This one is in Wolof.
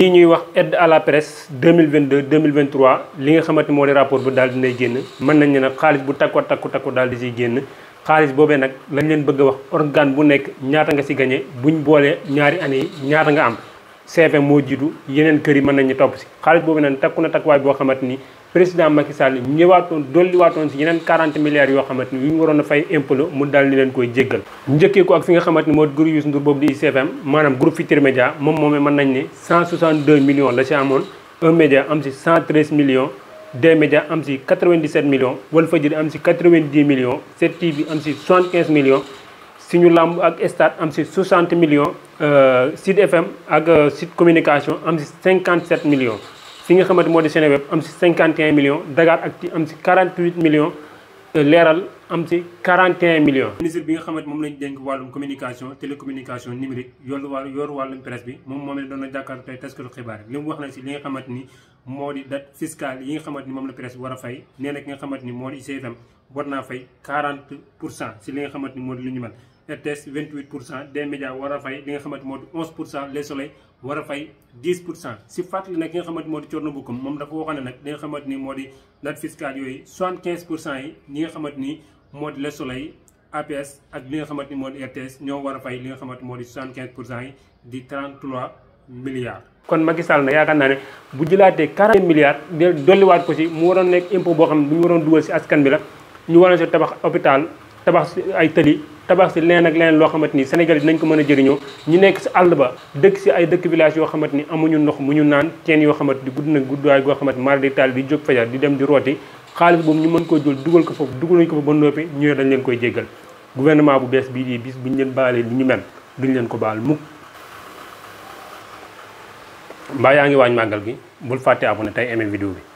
lii ñuy wax aide à la presse 2022 2023 li nga xamante moo di rapport bu daal nay génn mën nañ ne xaalis bu takku takku takku daal di siy génn xaalis boobee nag lañ leen bëgg a wax organe bu nekk ñaata nga si gagné buñ boolee ñaari année ñaata nga am CFM moo jiitu yeneen kër yi mën nañu topp si xaalis boobee nag takku na takkuwaay boo xamante ni président Macky Sall ñëwaatoon dolliwaatoon si yeneen 40 milliards yoo xamante ni yu ñu waroon a fay impôt mu daal leen koy jéggal njëkkee ko ak fi nga xamante ni moo groupe Youssou Ndour boobu di ICFM maanaam groupe Futurs Médias moom moomee mën nañ ne 162 millions la si amoon un média am si 113 millions des médias am si 97 wal Walfadjri am si 90 millions 7TV am si 75 millions suñu làmb ak stade am si 60 millions euh, Sud FM ak euh, Sud Communication am si 57 millions fi nga xamante moo di Seneweb am si 51 millions Dakaractu am si 48 millions euh, leeral am si 41 millions. ministre bi nga xamante moom la dénk wàllum communication télécommunication numérique yoru wàllu yoru wàllum presse bi moom moom la doon na jàkkaarloo tey taskatu xibaar li mu wax na si li nga xamante ni moo di date fiscale yi nga xamante ni moom la presse bi war a fay nee na ki nga xamante ni moo di ICFM war naa fay 40 pour cent si li nga xamante ni moo di lu ñu mel. RTS 28 pour cent des médias war a fay li nga xamante moo di 11 pour cent les soleil war a fay 10 pour cent si fàttali nag ki nga xamante moo di Thierno Bocoum moom dafa waxoon ne nag li nga xamante ni moo di date fiscale yooyu 75 pour cent yi ñi nga xamante ni moo di les soleil APS ak li nga xamante ni moo di RTS ñoo war a fay li nga xamante moo di 75 pour cent yi di 33 milliards. kon Macky Sall nag yaakaar naa ne bu jëlaatee 40 milliards de dolliwaat ko si mu waroon nekk impôt boo xam ne bu ñu waroon dugal si askan bi la ñu waroon si tabax hôpital tabax ay tëli. tabax si leen ak leen loo xamante ni Sénégal dinañ ko mën a jëriñoo ñu nekk si àll ba dëkk si ay dëkk village yoo xamante ni amuñu ndox mu ñu naan teen yoo xamante ni gudd na guddaay goo xamante mara di taal di jóg fajar di dem di rooti xaalis boobu ñu mën ko jël dugal ko foofu dugaluñ ko fa ba noppi ñu ne leen koy jéggal gouvernement bu bees bii di bis bu buñu leen baalee li ñu mel duñ leen ko baal mukk mbaa yaa ngi waañ màggal gi bul fàtte abonné tey aimé vidéo bi